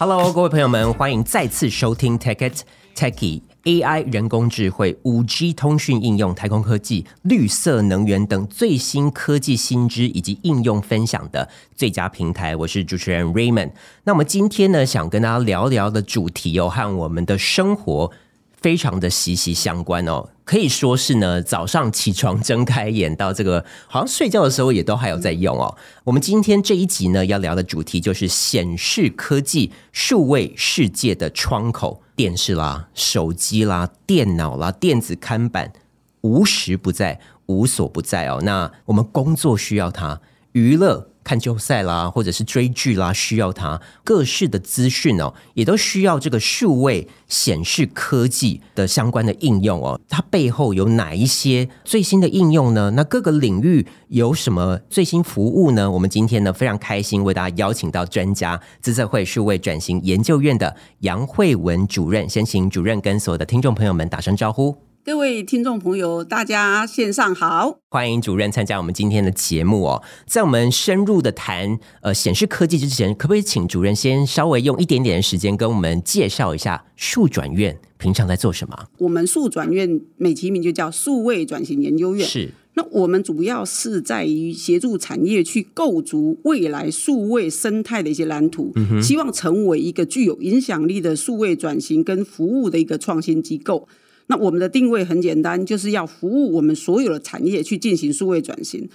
Hello，各位朋友們，歡迎再次收聽 Techet Techy AI、人工智慧、五 G 通訊應用、太空科技、綠色能源等最新科技新知以及應用分享的最佳平台。我是主持人 Raymond。那麼今天呢，想跟大家聊聊的主題哦，和我們的生活非常的息息相關哦。可以說是呢，早上起床睜開眼到這個，好像睡覺的時候也都還有在用哦。我們今天這一集呢，要聊的主題就是顯示科技、數位世界的窗口，電視啦、手機啦、電腦啦、電子看板，無時不在，無所不在哦。那我們工作需要它，娛樂。看球賽啦，或者是追劇啦，需要它各式的資訊哦，也都需要這個數位顯示科技的相關的應用哦。它背後有哪一些最新的應用呢？那各個領域有什麼最新服務呢？我們今天呢，非常開心，為大家邀請到專家資策會數位轉型研究院的楊惠雯主任，先請主任跟所有的聽眾朋友們打聲招呼。各位聽眾朋友，大家線上好，歡迎主任參加我們今天的節目哦、喔。在我們深入的談呃顯示科技之前，可不可以請主任先稍微用一點點的時間跟我們介紹一下數轉院平常在做什麼？我們數轉院美其名就叫數位轉型研究院，是。那我們主要是在於協助產業去構築未來數位生態的一些藍圖、嗯，希望成為一個具有影響力的數位轉型跟服務的一個創新機構。那我們的定位很簡單，就是要服務我們所有的產業去進行數位轉型，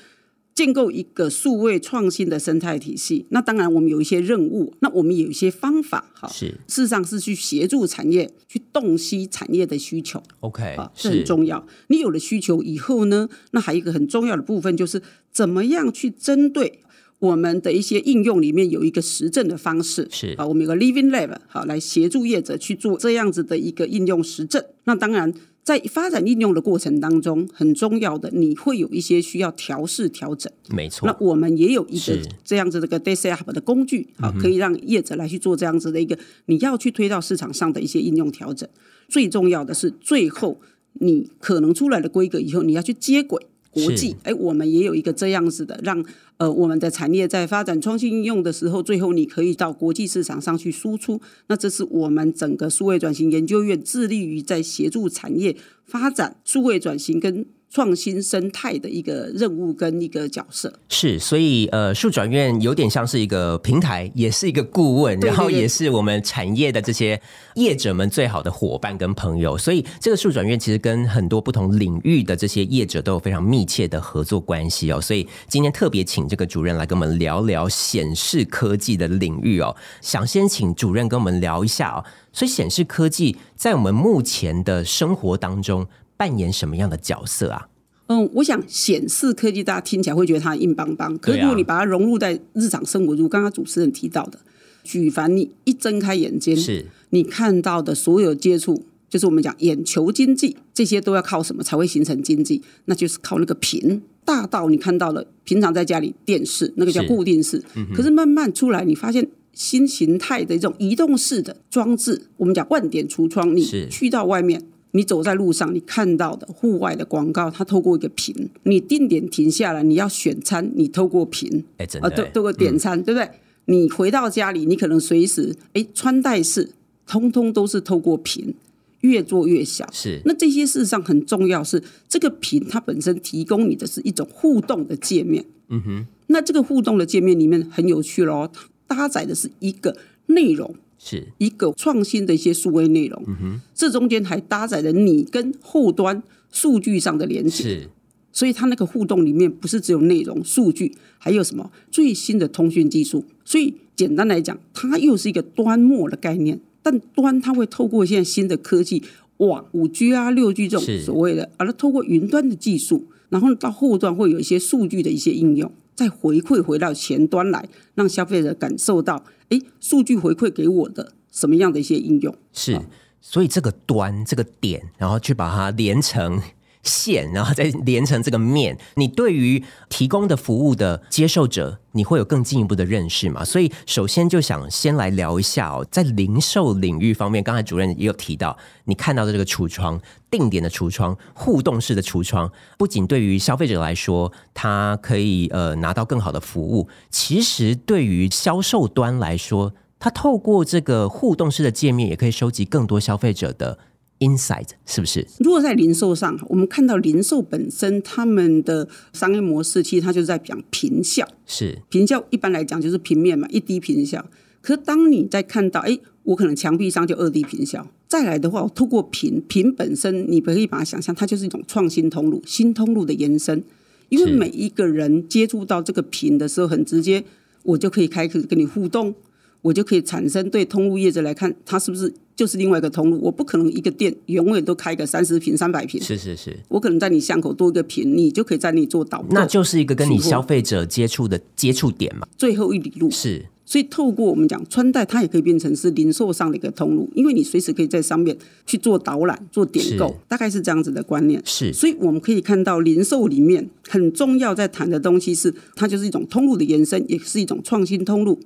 建構一個數位創新的生態體系。那當然，我們有一些任務，那我們有一些方法，哈，是事實上是去協助產業去洞悉產業的需求，OK，這很重要。你有了需求以後呢，那還有一個很重要的部分就是怎麼樣去針對。我們的一些應用裡面有一個實證的方式，是啊，我們有個 Living Lab 好，啊、來協助業者去做這樣子的一個應用實證。那當然，在發展應用的過程當中，很重要的，你會有一些需要調試調整，沒錯。那我們也有一個這樣子的一個 Data Hub 的工具，好，啊嗯，可以讓業者來去做這樣子的一個你要去推到市場上的一些應用調整。最重要的是，最後你可能出來的規格以後，你要去接軌。國際，哎、欸，我們也有一個這樣子的，讓呃我們的產業在發展創新應用的時候，最後你可以到國際市場上去輸出。那這是我們整個數位轉型研究院致力於在協助產業發展數位轉型跟創新生態的一個任務跟一個角色是。所以呃，數轉院有點像是一個平台，也是一個顧問，對對對，然後也是我們產業的這些業者們最好的夥伴跟朋友。所以這個數轉院其實跟很多不同領域的這些業者都有非常密切的合作關係哦。所以今天特別請這個主任來跟我們聊聊顯示科技的領域哦。想先請主任跟我們聊一下哦。所以顯示科技在我們目前的生活當中，扮演什麼樣的角色啊？嗯，我想顯示科技，大家聽起來會覺得它硬邦邦。可是如果你把它融入在日常生活中，剛剛主持人提到的，舉凡你一睜開眼睛，是你看到的所有接觸，就是我們講眼球經濟，這些都要靠什麼才會形成經濟？那就是靠那個屏。大到你看到的平常在家裡電視，那個叫固定式，嗯，可是慢慢出來，你發現新形態的一種移動式的裝置，我們講萬點櫥窗，你去到外面。你走在路上，你看到的戶外的廣告，它透過一個屏；你定點停下來，你要選餐，你透過屏，啊、欸，對、透過點餐，對不對？你回到家裡，你可能隨時，哎、欸，穿戴式，通通都是透過屏，越做越小。是，那這些事實上很重要是，是這個屏它本身提供你的是一種互動的界面。嗯哼，那這個互動的界面裡面很有趣嘍，搭載的是一個內容。是一個創新的一些數位內容，嗯哼，這中間還搭載了你跟後端數據上的聯繫。是，所以它那個互動裡面不是只有內容、數據，還有什麼最新的通訊技術，所以簡單來講，它又是一個端末的概念，但端它會透過現在新的科技，哇五 G 啊、六 G 這種所謂的，而了、啊、透過雲端的技術，然後到後端會有一些數據的一些應用。再回饋回到前端來，讓消費者感受到，誒，數據回饋給我的什麼樣的一些應用？是，所以這個端這個點，然後去把它連成線，然後再連成這個面。你對於提供的服務的接受者，你會有更進一步的認識嗎？所以，首先就想先來聊一下哦，在零售領域方面，剛才主任也有提到，你看到的這個櫥窗、定點的櫥窗、互動式的櫥窗，不僅對於消費者來說，它可以呃拿到更好的服務，其實對於銷售端來說，它透過這個互動式的界面，也可以收集更多消費者的。Inside 是不是？如果在零售上，我們看到零售本身，他們的商業模式其實它就是在講坪效。是坪效一般來講就是平面嘛，一 D 坪效。可是當你在看到，誒、欸，我可能牆壁上就二 D 坪效。再來的話，我透過屏屏本身，你可以把它想象，它就是一種創新通路，新通路的延伸。因為每一個人接觸到這個屏的時候，很直接，我就可以開始跟你互動，我就可以產生對通路業者來看，它是不是？就是另外一個通路，我不可能一個店永遠都開個三十坪，三百坪。是是是，我可能在你巷口多一個坪，你就可以在那裡做導入。那就是一個跟你消費者接觸的接觸點嘛。最後一里路是。所以透過我們講穿戴，它也可以變成是零售上的一個通路，因為你隨時可以在上面去做導覽、做點購，大概是這樣子的觀念。是。所以我們可以看到零售裡面很重要在談的東西是，它就是一種通路的延伸，也是一種創新通路。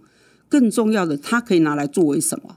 更重要的，它可以拿來作為什麼？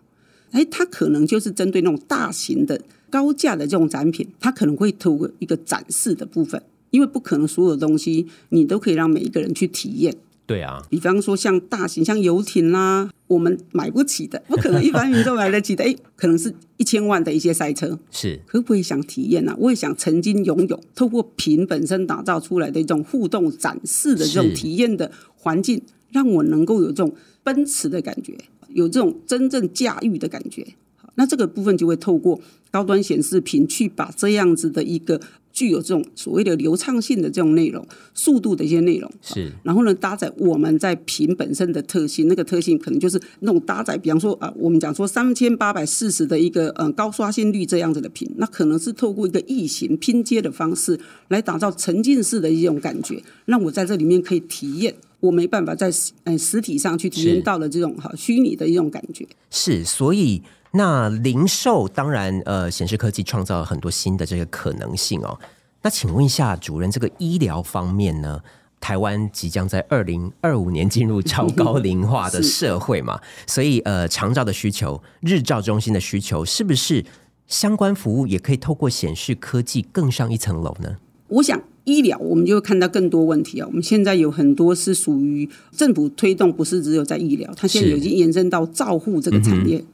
哎，它可能就是針對那種大型的、高價的這種展品，它可能會透過一個展示的部分，因為不可能所有東西你都可以讓每一個人去體驗。對啊，比方說像大型像遊艇啦，我們買不起的，不可能一般人都買得起的。哎， 可能是一千萬的一些賽車，是可不可以想體驗呢？啊？我也想曾經擁有，透過屏本身打造出來的一種互動展示的這種體驗的環境，讓我能夠有這種奔馳的感覺。有這種真正駕馭的感覺，那這個部分就會透過高端顯示屏去把這樣子的一個具有這種所謂的流暢性的這種內容、速度的一些內容。是，然後呢，搭載我們在屏本身的特性，那個特性可能就是那種搭載，比方說啊、呃，我們講說三千八百四十的一個嗯、呃、高刷新率這樣子的屏，那可能是透過一個異形拼接的方式來打造沉浸式的一種感覺，讓我在這裡面可以體驗。我沒辦法在實實體上去體驗到了這種哈虛擬的一種感覺。是，所以那零售當然呃顯示科技創造了很多新的這個可能性哦。那請問一下主任，這個醫療方面呢？台灣即將在二零二五年進入超高齡化的社會嘛。 所以呃長照的需求、日照中心的需求，是不是相關服務也可以透過顯示科技更上一層樓呢？我想醫療，我們就會看到更多問題啊、喔！我們現在有很多是屬於政府推動，不是只有在醫療，它現在已經延伸到照護這個產業。嗯、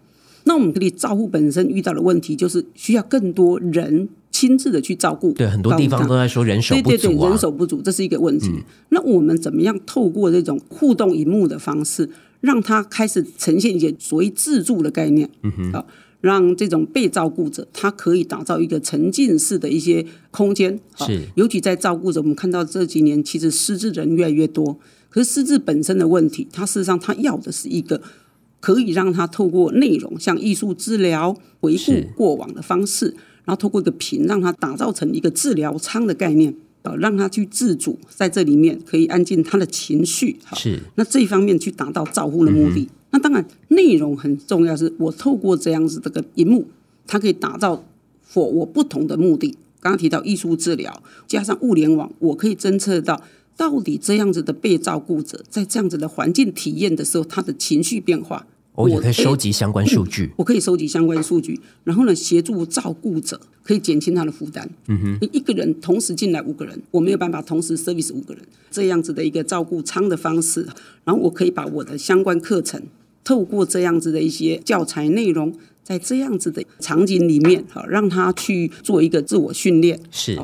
那我們這裡照護本身遇到的問題，就是需要更多人親自的去照顧。對，很多地方都在說人手不足、啊，對對對，人手不足這是一個問題、嗯。那我們怎麼樣透過這種互動熒幕的方式，讓它開始呈現一些所謂自助的概念？嗯哼。讓這種被照顧者，他可以打造一個沉浸式的一些空間，好，尤其在照顧者，我們看到這幾年其實失智人越來越多，可是失智本身的問題，他事實上他要的是一個可以讓他透過內容，像藝術治療回顧過往的方式，然後透過一個屏，讓他打造成一個治療艙的概念，哦，讓他去自主在這裡面可以安靜他的情緒，好，是，那這一方面去達到照顧的目的。嗯那當然，內容很重要是。是我透過這樣子這個熒幕，它可以打造 for 我不同的目的。剛剛提到藝術治療，加上物聯網，我可以偵測到到底這樣子的被照顧者在這樣子的環境體驗的時候，他的情緒變化。我可以收集相關數據，我可以收集相關數據，嗯，然後呢，協助照顧者可以減輕他的負擔。嗯哼，你一個人同時進來五個人，我沒有辦法同時 service 五個人，這樣子的一個照顧艙的方式，然後我可以把我的相關課程透過這樣子的一些教材內容，在這樣子的場景裡面，哈，讓他去做一個自我訓練是。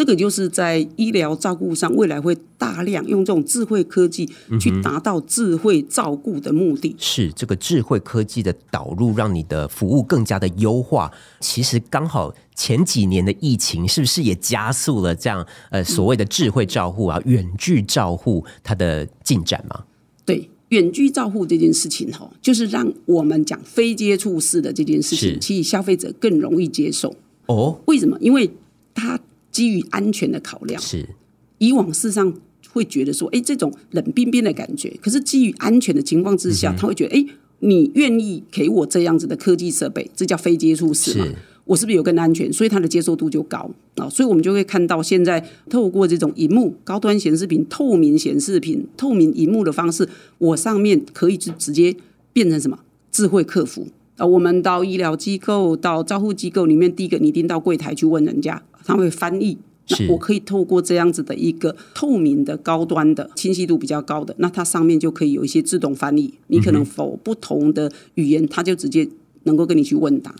這個就是在醫療照顧上，未來會大量用這種智慧科技去達到智慧照顧的目的，嗯。是這個智慧科技的導入，讓你的服務更加的優化。其實剛好前幾年的疫情，是不是也加速了這樣呃所謂的智慧照護啊，遠距照護它的進展嘛？對，遠距照護這件事情哈、哦，就是讓我們講非接觸式的這件事情，其實消費者更容易接受。哦，為什麼？因為他。基於安全的考量，是以往事實上會覺得說，哎，這種冷冰冰的感覺。可是基於安全的情況之下，他會覺得，哎，你願意給我這樣子的科技設備，這叫非接觸式嘛？我是不是有更安全？所以他的接受度就高。所以我們就會看到，現在透過這種熒幕、高端顯示屏、透明顯示屏、透明熒幕的方式，我上面可以直直接變成什麼？智慧客服。我們到醫療機構、到照護機構裡面，第一個你一定到櫃台去問人家。它會翻譯，那我可以透過這樣子的一個透明的、高端的、清晰度比較高的，那它上面就可以有一些自動翻譯。你可能否不同的語言，它就直接能夠跟你去問答，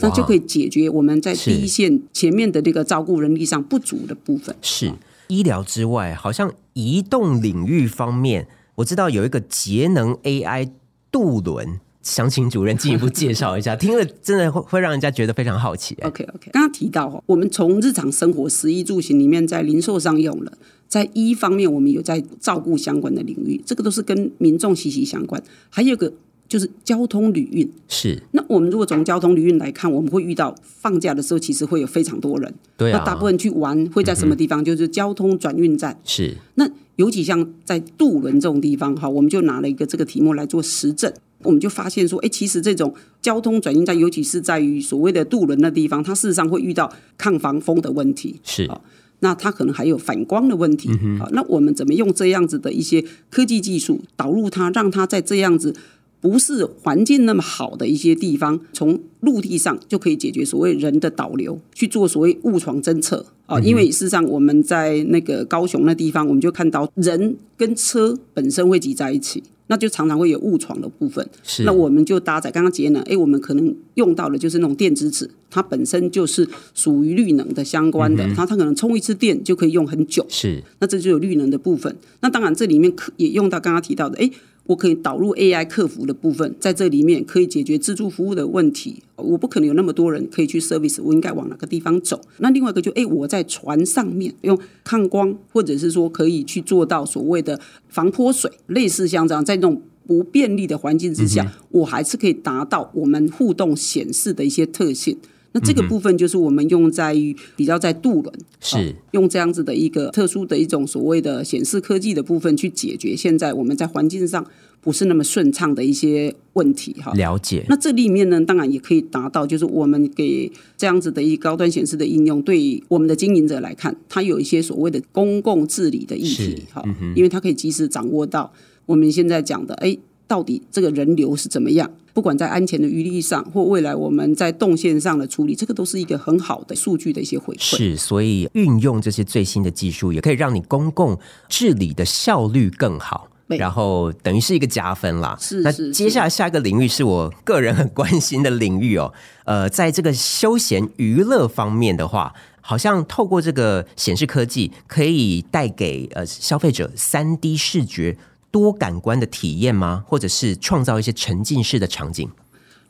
那就可以解決我們在第一線前面的這個照顧人力上不足的部分。是，是醫療之外，好像移動領域方面，我知道有一個節能 AI 渡輪。想請主任進一步介紹一下， 聽了真的會會讓人家覺得非常好奇欸。OK OK，剛剛提到我們從日常生活食衣住行裡面，在零售上用了，在醫方面我們有在照顧相關的領域，這個都是跟民眾息息相關。還有個就是交通旅運，是。那我們如果從交通旅運來看，我們會遇到放假的時候，其實會有非常多人。對啊。那大部分人去玩會在什麼地方、嗯？就是交通轉運站。是。那尤其像在渡輪這種地方，哈，我們就拿了一個這個題目來做實證。我們就發現說，哎、欸，其實這種交通轉運站，尤其是在於所謂的渡輪的地方，它事實上會遇到抗防風的問題。是，哦、那它可能還有反光的問題。啊、嗯哦，那我們怎麼用這樣子的一些科技技術導入它，讓它在這樣子，不是環境那麼好的一些地方，從陸地上就可以解決所謂人的導流，去做所謂誤闖偵測啊。因為事實上我們在那個高雄那地方，我們就看到人跟車本身會擠在一起，那就常常會有誤闖的部分。是。那我們就搭載剛剛節能，哎、欸，我們可能用到的就是那種電子紙，它本身就是屬於綠能的相關的。它、嗯、它可能充一次電就可以用很久。是。那這就有綠能的部分。那當然這裡面可也用到剛剛提到的，哎、欸。我可以導入 AI 客服的部分，在這裡面可以解決自助服務的問題。我不可能有那麼多人可以去 service，我應該往哪個地方走？那另外一個就，哎、欸，我在船上面用抗光，或者是說可以去做到所謂的防潑水，類似像這樣，在這種不便利的環境之下、嗯，我還是可以達到我們互動顯示的一些特性。那這個部分就是我們用在於比較在渡輪是、哦、用這樣子的一個特殊的一種所謂的顯示科技的部分，去解決現在我們在環境上不是那麼順暢的一些問題哈。了解。那這裡面呢，當然也可以達到，就是我們給這樣子的一個高端顯示的應用，對我們的經營者來看，它有一些所謂的公共治理的議題哈、嗯，因為它可以及時掌握到我們現在講的誒。欸到底這個人流是怎麼樣？不管在安全的餘力上，或未來我們在動線上的處理，這個都是一個很好的數據的一些回饋。是，所以運用這些最新的技術，也可以讓你公共治理的效率更好，然後等於是一個加分啦，是。是。那接下來下一個領域是我個人很關心的領域哦。呃，在這個休閒娛樂方面的話，好像透過這個顯示科技，可以帶給呃消費者三 D 視覺。多感官的體驗嗎？或者是創造一些沉浸式的場景？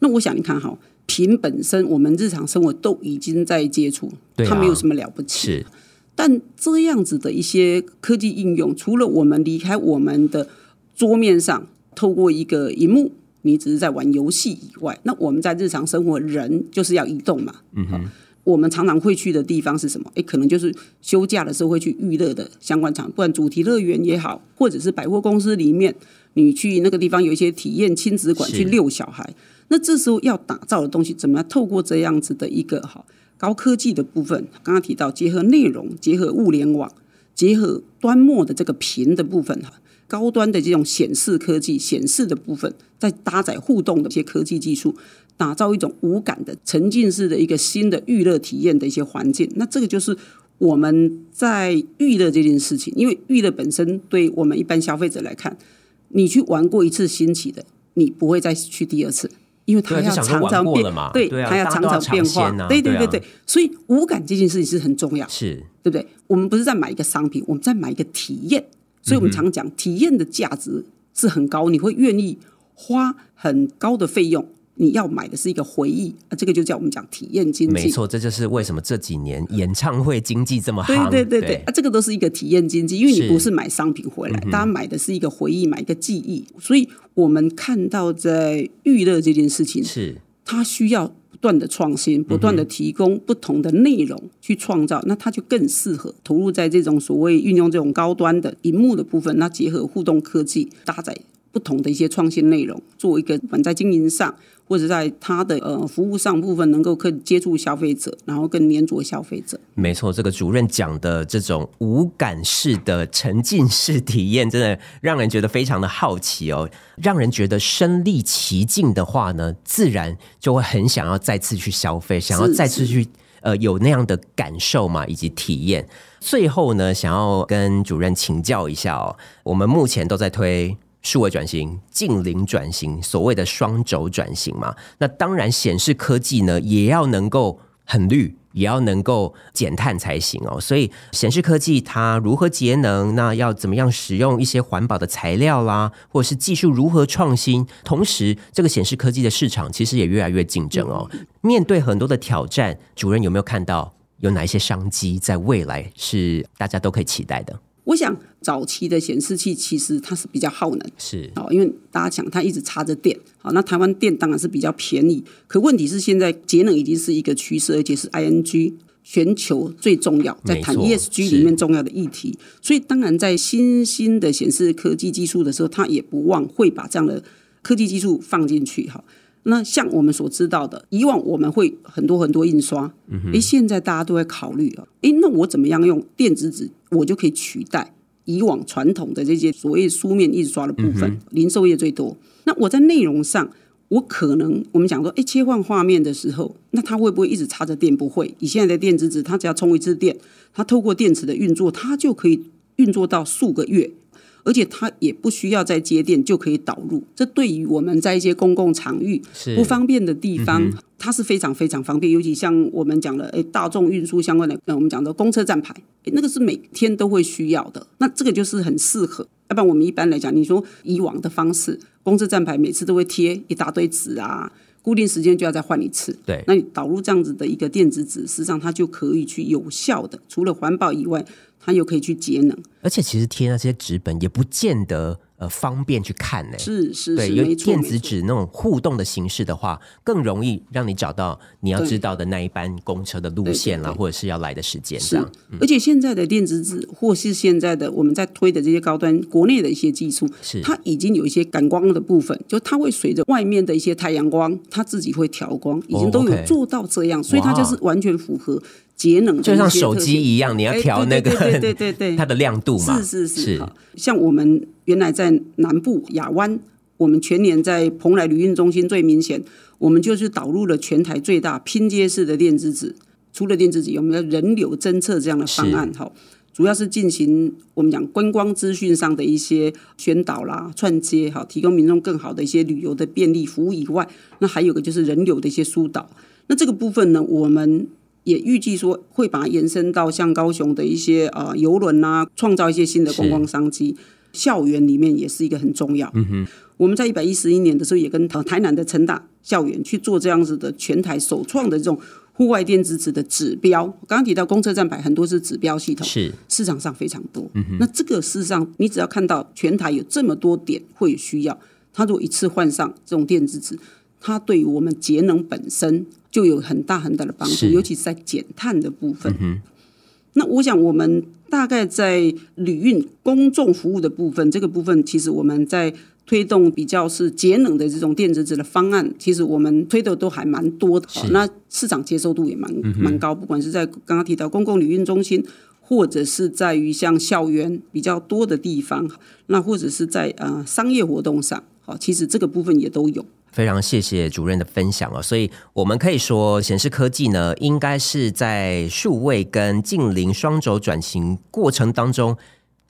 那我想你看哈，屏，本身我們日常生活都已經在接觸，對啊，它沒有什麼了不起。但這樣子的一些科技應用，除了我們離開我們的桌面上，透過一個熒幕你只是在玩遊戲以外，那我們在日常生活，人就是要移動嘛。嗯哼我們常常會去的地方是什麼？誒，可能就是休假的時候會去娛樂的相關場，不然主題樂園也好，或者是百貨公司裡面，你去那個地方有一些體驗親子館去遛小孩。那這時候要打造的東西，怎麼樣透過這樣子的一個哈高科技的部分？剛剛提到結合內容、結合物聯網、結合端末的這個屏的部分哈，高端的這種顯示科技、顯示的部分，在搭載互動的一些科技技術。打造一種無感的沉浸式的一個新的娛樂體驗的一些環境，那這個就是我們在娛樂這件事情，因為娛樂本身對我們一般消費者來看，你去玩過一次新奇的，你不會再去第二次，因為它要常常變，對，對啊，他要常常變化，對啊，對對對，對啊，所以無感這件事情是很重要，是，對不對？我們不是在買一個商品，我們在買一個體驗，所以我們常講、嗯、體驗的價值是很高，你會願意花很高的費用。你要買的是一個回憶啊，這個就叫我們講體驗經濟。沒錯，這就是為什麼這幾年演唱會經濟這麼好。對對對，對，對啊，這個都是一個體驗經濟，因為你不是買商品回來，大家買的是一個回憶，買一個記憶。嗯、所以我們看到在娛樂這件事情，是它需要不斷的創新，不斷的提供不同的內容去創造、嗯，那它就更適合投入在這種所謂運用這種高端的螢幕的部分，那結合互動科技搭載。不同的一些創新內容，作為一個在經營上或者在它的呃服務上部分，能夠更接觸消費者，然後更黏着消費者。沒錯，這個主任講的這種無感式的沉浸式體驗，真的讓人覺得非常的好奇哦，讓人覺得身歷其境的話呢，自然就會很想要再次去消費，想要再次去是是呃有那樣的感受嘛，以及體驗。最後呢，想要跟主任請教一下哦，我們目前都在推。數位轉型、近零轉型，所謂的雙軸轉型嘛，那當然顯示科技呢，也要能夠很綠，也要能夠減碳才行哦。所以顯示科技它如何節能，那要怎麼樣使用一些環保的材料啦，或者是技術如何創新，同時這個顯示科技的市場其實也越來越競爭哦。嗯。面對很多的挑戰，主任有沒有看到有哪一些商機在未來是大家都可以期待的？我想，早期的顯示器其實它是比較耗能的，是，因為大家想它一直插着電。好，那台灣電當然是比較便宜，可問題是現在節能已經是一個趨勢，而且是 ING 全球最重要，在談 ESG 裡面重要的議題。所以，當然在新興的顯示科技技術的時候，它也不忘會把這樣的科技技術放進去。哈。那像我們所知道的，以往我們會很多很多印刷，哎、嗯欸，現在大家都在考慮了。哎、欸，那我怎麼樣用電子紙，我就可以取代以往傳統的這些所謂書面印刷的部分，嗯。零售業最多，那我在內容上，我可能我們講說，哎、欸，切換畫面的時候，那它會不會一直插着電？不會。以現在的電子紙，它只要充一次電，它透過電池的運作，它就可以運作到數個月。而且它也不需要再接電就可以導入，這對於我們在一些公共場域不方便的地方，它是非常非常方便。尤其像我們講的，誒大眾運輸相關的，我們講的公車站牌，那個是每天都會需要的，那這個就是很適合。要不然我們一般來講，你說以往的方式，公車站牌每次都會貼一大堆紙啊，固定時間就要再換一次。對，那你導入這樣子的一個電子紙，實際上它就可以去有效的，除了環保以外。它又可以去節能，而且其實貼那些紙本也不見得。呃，方便去看呢、欸。是是,是對，因為電子紙那種互動的形式的話，更容易讓你找到你要知道的那一班公車的路線啦，對對對或者是要來的時間。是、嗯、而且現在的電子紙，或是現在的我們在推的這些高端國內的一些技術，是它已經有一些感光的部分，就它會隨着外面的一些太陽光，它自己會調光，已經都有做到這樣，哦、okay, 所以它就是完全符合節能，就像手機一樣，欸、你要調那個、欸、對,對,對,對,對對對，它的亮度嘛。是是是，像我們。原來在南部亞灣，我們全年在蓬萊旅運中心最明顯。我們就是導入了全台最大拼接式的電子紙，除了電子紙，有沒有人流偵測這樣的方案？好，主要是進行我們講觀光資訊上的一些宣導啦、串接哈，提供民眾更好的一些旅遊的便利服務以外，那還有個就是人流的一些疏導。那這個部分呢，我們也預計說會把它延伸到像高雄的一些呃郵輪啦、啊，創造一些新的觀光商機。校園裡面也是一個很重要嗯。嗯，我們在一百一十一年的時候也跟台南的成大校園去做這樣子的全台首創的這種戶外電子紙的指標。剛剛提到公車站牌很多是指標系統，是，市場上非常多。嗯，那這個事實上，你只要看到全台有這麼多點會需要，它如果一次換上這種電子紙，它對於我們節能本身就有很大很大的幫助，尤其是在減碳的部分嗯。嗯那我想，我們大概在旅運公眾服務的部分，這個部分其實我們在推動比較是節能的這種電子紙的方案，其實我們推的都還蠻多的。好，那市場接受度也蠻、嗯、蠻高，不管是在剛剛提到公共旅運中心，或者是在於像校園比較多的地方，那或者是在呃商業活動上，好、哦，其實這個部分也都有。非常謝謝主任的分享哦，所以我們可以說，顯示科技呢，應該是在數位跟淨零雙軸轉型過程當中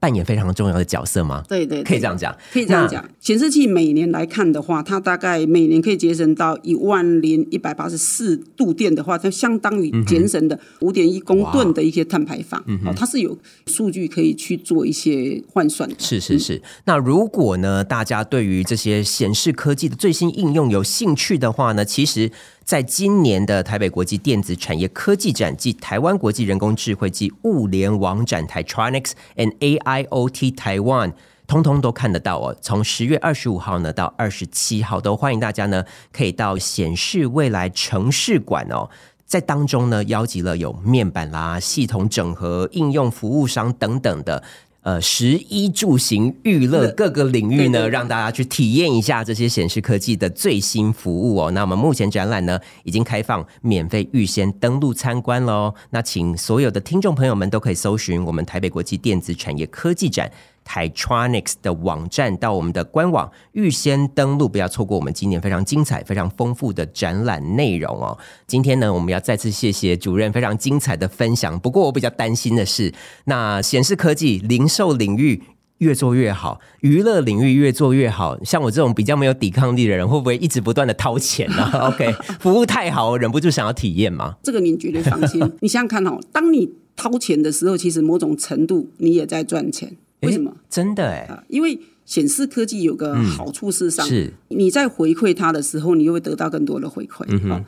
扮演非常重要的角色嗎？對對，對，可以這樣講，可以這樣講。顯示器每年來看的話，它大概每年可以節省到一萬零一百八十四度電的話，它相當於節省的五點一公噸的一些碳排放。嗯哦。它是有數據可以去做一些換算的。嗯。是是是。那如果呢，大家對於這些顯示科技的最新應用有興趣的話呢，其實。在今年的台北國際電子產業科技展暨台灣國際人工智慧暨物聯網展 （Taitronics and AIoT Taiwan） 通通都看得到哦。從十月二十五號呢到二十七號，都歡迎大家呢可以到顯示未來城市館哦，在當中呢邀集了有面板啦、系統整合、應用服務商等等的。呃，食衣住行、娛樂各個領域呢，讓大家去體驗一下這些顯示科技的最新服務哦。那我們目前展覽呢，已經開放免費預先登錄參觀嘍。那請所有的聽眾朋友們都可以搜尋我們台北國際電子產業科技展。Taitronics 的網站到我們的官網預先登錄，不要錯過我們今年非常精彩、非常豐富的展覽內容哦、喔。今天呢，我們要再次謝謝主任非常精彩的分享。不過我比較擔心的是，那顯示科技零售領域越做越好，娛樂領域越做越好，像我這種比較沒有抵抗力的人，會不會一直不斷的掏錢呢、啊、 ？OK，服務太好，忍不住想要體驗嘛？這個您絕對放心。你想想看哦、喔， 當你掏錢的時候，其實某種程度你也在賺錢。為什麼？欸、真的。因為顯示科技有個好處是上是你在回饋它的時候，你就會得到更多的回饋、嗯。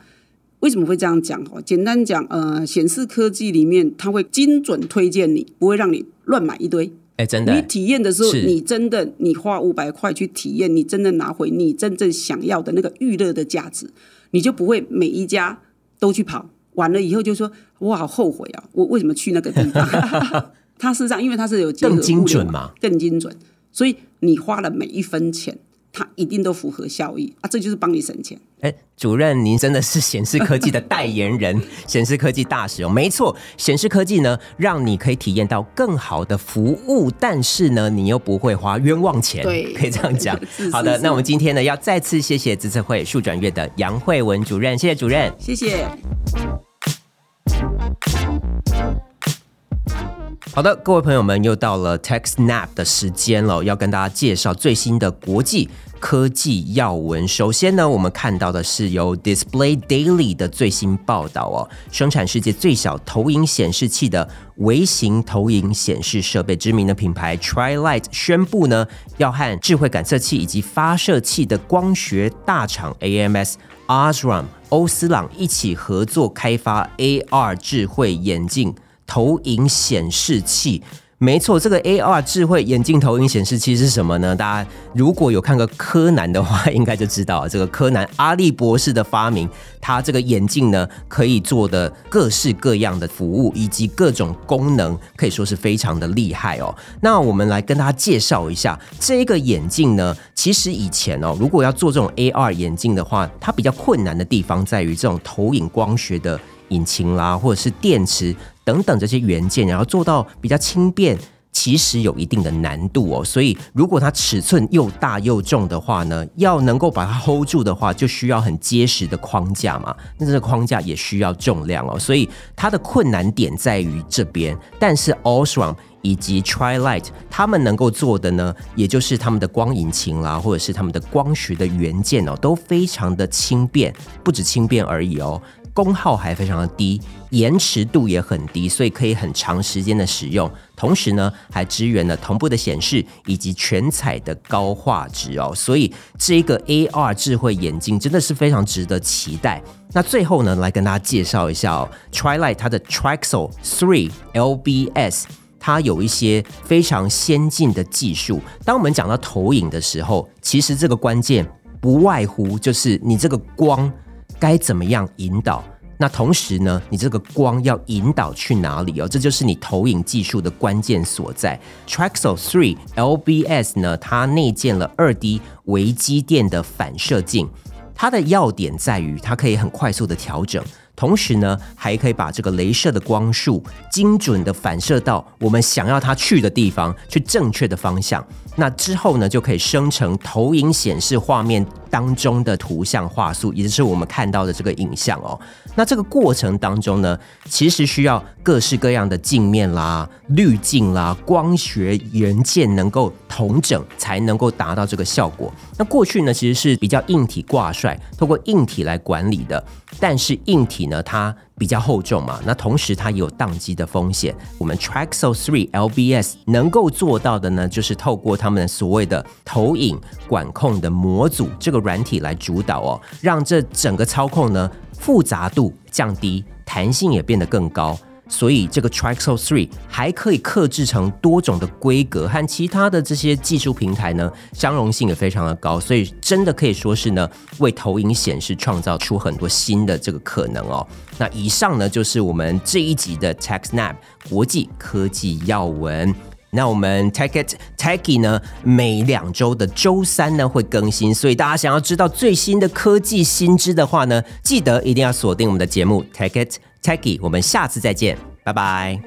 為什麼會這樣講？簡單講，呃，顯示科技裡面它會精準推薦你，不會讓你亂買一堆。欸、真的、真的。你體驗的時候，你真的你花五百塊去體驗，你真的拿回你真正想要的那個娛樂的價值，你就不會每一家都去跑。完了以後就說，我好後悔啊！我為什麼去那個地方？ 它是這樣，因為它是有更精準嘛，更精準，所以你花了每一分錢，它一定都符合效益啊，這就是幫你省錢。哎、欸，主任，您真的是顯示科技的代言人，顯 示科技大使用。沒錯，顯示科技呢，讓你可以體驗到更好的服務，但是呢，你又不會花冤枉錢，對，可以這樣講。好的，那我們今天呢，要再次謝謝資策會數轉院的楊惠雯主任，謝謝主任，謝謝。好的，各位朋友們，又到了 TechSnap 的時間了，要跟大家介紹最新的國際科技要聞。首先呢，我們看到的是由 Display Daily 的最新報道哦，生產世界最小投影顯示器的微型投影顯示設備知名的品牌 TriLite，宣佈呢要和智慧感測器以及發射器的光學大廠 AMS Osram 歐司朗一起合作開發 AR 智慧眼鏡。投影顯示器，沒錯，這個 A R 智慧眼鏡投影顯示器是什麼呢？大家如果有看過柯南的話，應該就知道啊。這個柯南阿笠博士的發明，他這個眼鏡呢，可以做的各式各樣的服務以及各種功能，可以說是非常的厲害哦。那我們來跟大家介紹一下這個眼鏡呢。其實以前哦，如果要做這種 A R 眼鏡的話，它比較困難的地方在於這種投影光學的。引擎啦，或者是電池等等這些元件，然後做到比較輕便，其實有一定的難度哦。所以如果它尺寸又大又重的話呢，要能夠把它 hold 住的話，就需要很結實的框架嘛。那這個框架也需要重量哦。所以它的困難點在於這邊。但是 OSRAM 以及 TriLite 他們能夠做的呢，也就是他們的光引擎啦，或者是他們的光學的元件哦，都非常的輕便，不止輕便而已哦。功耗還非常的低，延遲度也很低，所以可以很長時間的使用。同時呢，還支援了同步的顯示以及全彩的高畫質哦。所以這個 AR 智慧眼鏡真的是非常值得期待。那最後呢，來跟大家介紹一下哦，TriLite 哦，它的 Trixel 3 LBS，它有一些非常先進的技術。當我們講到投影的時候，其實這個關鍵不外乎就是你這個光。該怎麼樣引導？那同時呢，你這個光要引導去哪裡哦？這就是你投影技術的關鍵所在。Traxel 3 LBS 呢，它內建了 2D 微機電的反射鏡，它的要點在於它可以很快速的調整，同時呢，還可以把這個雷射的光束精準的反射到我們想要它去的地方，去正確的方向。那之後呢，就可以生成投影顯示畫面當中的圖像畫素，也就是我們看到的這個影像哦。那這個過程當中呢，其實需要各式各樣的鏡面啦、濾鏡啦、光學元件能夠同整，才能夠達到這個效果。那過去呢，其實是比較硬體掛帥，透過硬體來管理的。但是硬體呢，它比較厚重嘛，那同時它也有宕機的風險。我們 Traxo Three LBS 能夠做到的呢，就是透過他們所謂的投影管控的模組這個軟體來主導哦，讓這整個操控呢複雜度降低，彈性也變得更高。所以這個 TriXel Three 還可以客製成多種的規格，和其他的這些技術平台呢，相容性也非常的高。所以真的可以說是呢，為投影顯示創造出很多新的這個可能哦。那以上呢，就是我們這一集的 Tech Snap 國際科技要聞。那我們 Tech It Techie 呢，每兩週的周三呢會更新，所以大家想要知道最新的科技新知的話呢，記得一定要鎖定我們的節目 Tech It Techie，我們下次再見，拜拜。